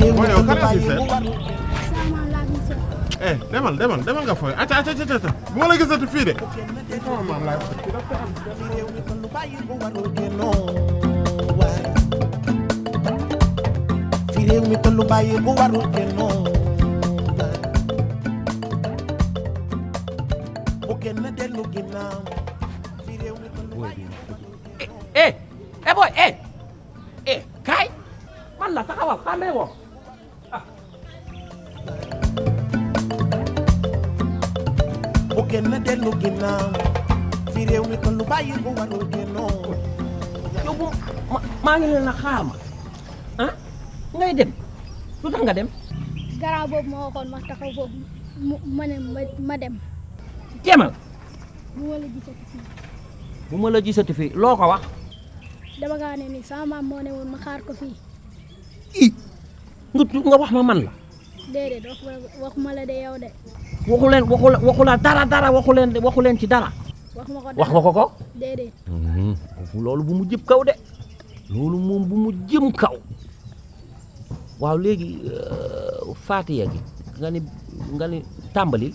mooy yow kan laa gisee eh demal demal demal nga fooy ati de. mi tollu bàyyi bu warul génnoo bu génn dellu ginnaaw fi réew mi tollu bàyyi eh, eh, eh, man la taxawal xamee woo kenn dellu ginnaaw ci réew mi tollu bàyyi ko warul kennoo yow bu maa ngi leen xaar ma ah ngay dem lu tax nga dem garaaw ma waxoon ma taxaw boobu ma ne la gisati fii bu ma loo ko wax dama kaa ma la de yow de waxu leen waxu waxu la dara dara waxu leen waxu leen ci dara. wax nga ko wax nga ko ko. déedéet. Mhm. loolu bu mu jëm kaw de loolu moom mu jëm kaw waaw léegi euh, Faatiya gi nga ni nga ni tàmbali.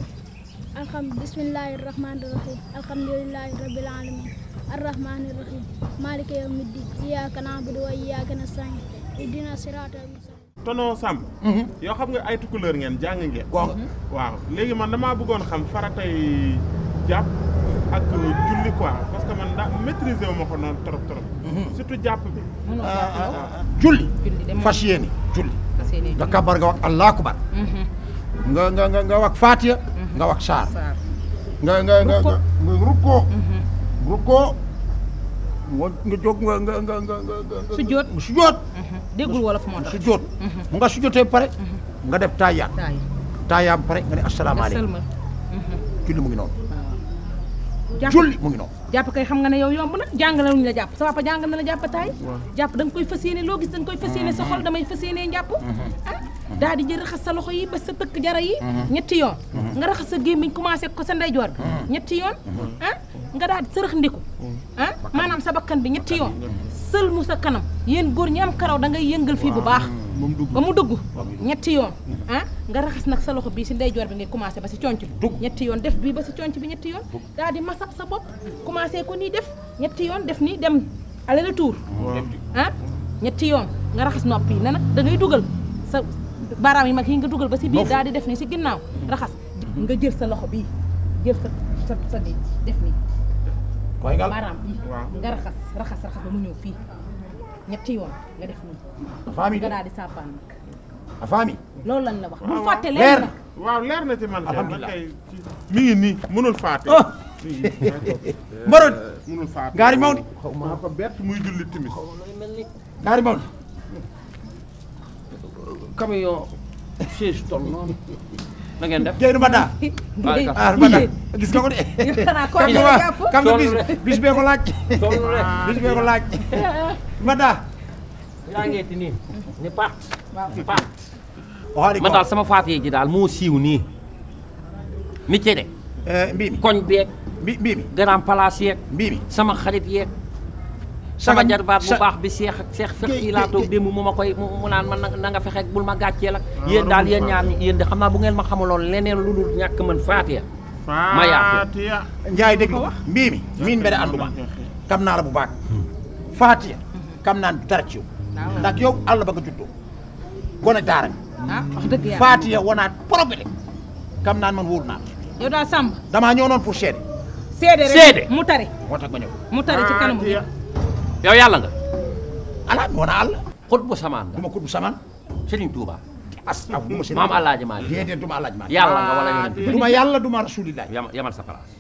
alxam bismillaahi rahmaani rahiim alhamdulillaahi rabbil aalamiin arrahmaani rahiim maaliki yawmiddiin iyyaaka na'budu wa iyyaaka nasta'iin ihdina siraatal mustaqiim tonton Samb. Mhm. yoo xam nga ay tukkuleer ngeen jàng ngeen. waaw léegi man damaa bëggoon xam faratay jàpp ak julli quoi parce que man daa maîtriser wu ma ko noonu trop trop. Mhm. surtout jàpp bi. Ah, ah, ah. julli. fas yéene julli. nga kabar nga wax allahu akbar. Mhm. nga nga nga nga wax Faatiya. nga wax saar. nga nga nga nga rukkoo. rukkoo. moo nga jóg nga nga nga nga nga. su joot su joot. Mhm. déggul wolof moo tax su joot. Mhm. mu nga su jootee pare. Mhm. nga def taayaat. taayaat pare nga ne asalaamaaleykum. julli mu ngi noonu. jàpp julli xam nga ne yow yomb na jàngale wuñu la jàpp sa papa jàngal na la jàpp taay. jàpp da koy fas yéene loo gis da nga koy fas yéene sa xol damay fas yéene jàpp. ah di jël raxas sa loxo yi ba sa tëkk jara yi. ñetti yoon. nga raxas sa gémmiñ commencé ko sa ndeyjoor bi mm. ñetti yoon mm. Mm. ah nga daal sërëx ndiku ah maanaam sa bakkan bi ñetti yoon sëlmu sa kanam yéen góor ñi am karaw da ngay yëngal fii bu baax ba mu dugg ñetti yoon ah nga raxas nag sa loxo bii si ndeyjoor bi ngay commencé ba si conc bi ñetti yoon def bii ba si conc bi ñetti yoon daal di masak sa bopp commencé ko nii def ñetti yoon def nii dem ale aller retour ah ñetti yoon nga raxas nopp yi ne nag da ngay dugal sa baaraam yi mag yi nga dugal ba si biir daal di def si ginnaaw raxas Mhm. nga jël sa loxo bi jël sa sa sa nii def nii. mooy nga baaraam bii nga raxas raxas raxas ba mu ñëw fii ñetti yoon nga def nii. nga daal di saafaan nag. affaire ah, loolu lañ la wax bu fàtte leer na waaw ngi nii mënul fàtte. Oh. mbarod mënul fàtte gaari Maodo. xaw ma ko bett muy julli timis. gaari Maodo. camion siège noonu. na ngeen def Dieng Mbada. ah Mbada gis nga ko de. xanaa koo bee ko laaj. toolu bee ko laaj. Mbada. yaa ngi ci nii ni paat paat. waxaale man daal sama faatee ji daal moo siiw nii. mi ci eh, koñ beeg. mbi mbii mi. sama xarit yeeg. sama jarbaat bu baax bi seex seex fex yi laa toog mu ma koy mu naan ma na fexe bul ma gàcceel ak ah, yéen daal yéen ñaar ñi yéen de xam naa bu ngeen ma xamaloon leneen lu dul ñàkk mën faatiya ma yaatu njaay dégg wax kam naa la bu baax hmm. faatiya kam naan dara ci yow ah, ndax yow àll ba nga juddoo gone daara mi ah, faatiya wanaat problème kam naan man wóoru naa yow daal sàmm damaa ñëw noon pour seede seede mu tari moo tax ma ñëw mu tari yow yàlla nga ala wona allah xut bu samaan nga duma xut bu samaan Serigne Touba astafurlah sëñ yàlla duma yàlla duma rasulillah yamal sa place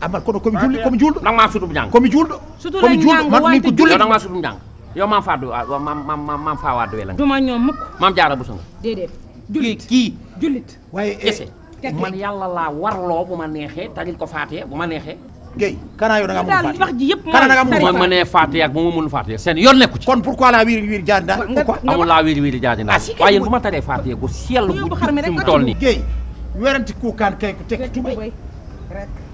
amal kono komi julli komi julɗo nag ma sutub ñang komi julɗo man min ko julli nag ma sutub ñang yow maam Fadou ah, maam maam maam nga duma ñoom mukk maam Jaara Buso nga déedéet kii jullit waaye eh, kese yàlla laa warloo bu ma neexee tagil ko faatee bu ma neexee Guèye kanaa yow da nga amul Fatiha wax ji yëpp kanaa da nga amul Fatiha ma ne Fatiha ak moom mënul Fatiha seen yoon nekku ci kon pourquoi la wiiri wiiri jaadi naa pourquoi amul la wiiri wiiri jaadi naa ah, waaye yéen bu ma taree Fatiha gu sell bu ci mu toll nii Guèye weranti kuukaan kay ku tekki tubay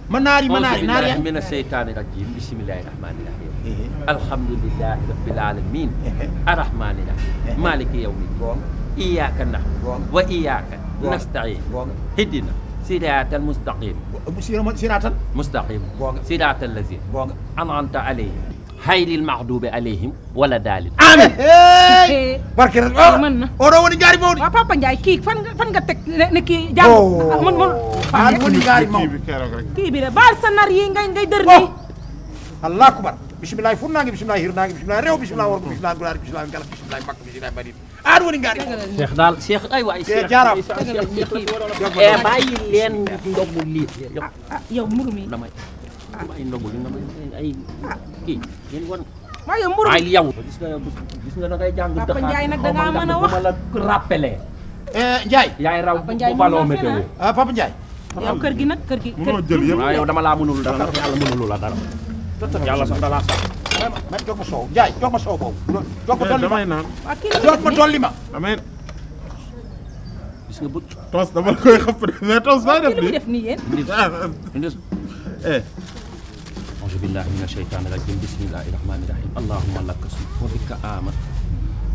ma naari ma naari naari yaa mina seytaani rajim bismillahi rahmani rahim eh, eh. alhamdulillahi rabbil alamin eh, arrahmani rahim maliki yawmi din iyyaka na'budu wa iyyaka nasta'in ihdina siraatal mustaqim siraatal mustaqim siraatal lazi an'amta alayhim hayril maxduubi alayhim wala daalin amin barke rek oh! oh, woni gaari mawɗi waaw Papa Ndiaye fan nga fan nga teg ne oh! ah, woni gaari mawɗi kii baal sa nar yi ngay akbar bisimilahi furnague bisimilahi hirnague bisimilahi rew bisimilah worgo bisimilah gulaar bisimilah galak bisimilah makko bisimilah mbaɗin aan woni ngaari cheikh dal cheikh ay way cheikh jarama e mbayi len ndoggu li eh, ah, ah, ah, yow murumi damay mbayi ndoggu li damay ay ki yen won ma yow murumi ay yow gis nga gis nga da ngay jàng dëkk papa Ndiaye nag da nga mën a wax la rappelé eh Ndiaye yaay raw bu baloo météo ah papa Ndiaye yow kër gi nag kër gi yow dama laa mënul dara yàlla mënulu la dara tëtëm yàlla sax danaa sax. vraiment man jox ma soow Ndiaye jox ma soow boobu. jox ma dolli ma damay naan. jox ma dolli ma. damay. gis nga bëgg. toos dama la koy xëpp mais toos maa def nii def nii yéen. auzu billahi mina shaytaani rajim bismillahi rahmani rahim allahumma laka wa bika aman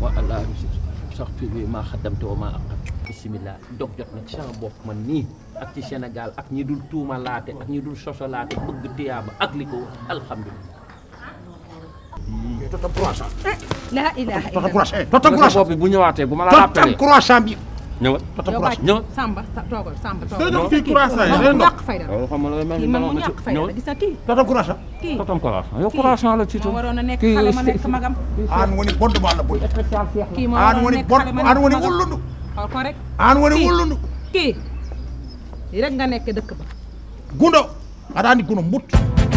wa ala sax fi maa xaddamte wa maa aqam bismillah dog jot na ci sama bopp man nii. ak ci Sénégal ak ñi dul tuumalaate ak ñi dul sosolaate bëgg tiyaaba ak li ko wër alhamdulilah. totam croissant. Eh, la ilaha illallah totam croissant eh, totam croissant bi bu ñëwaatee bu ma la rappelé totam croissant bi. ñëwal totam croissant ñëwal. Samba toogal Samba toogal. non kii croissant yi day ndox xam nga mel ni meloon na ci ñëwal totam croissant. totam croissant yow croissant la ci tu. kii a woni bondu ba la boy. aan woni bondu aan woni wullundu. aan woni wullundu. kii. rek nga nekk dëkk ba gundo aɗa andi guno mbuttu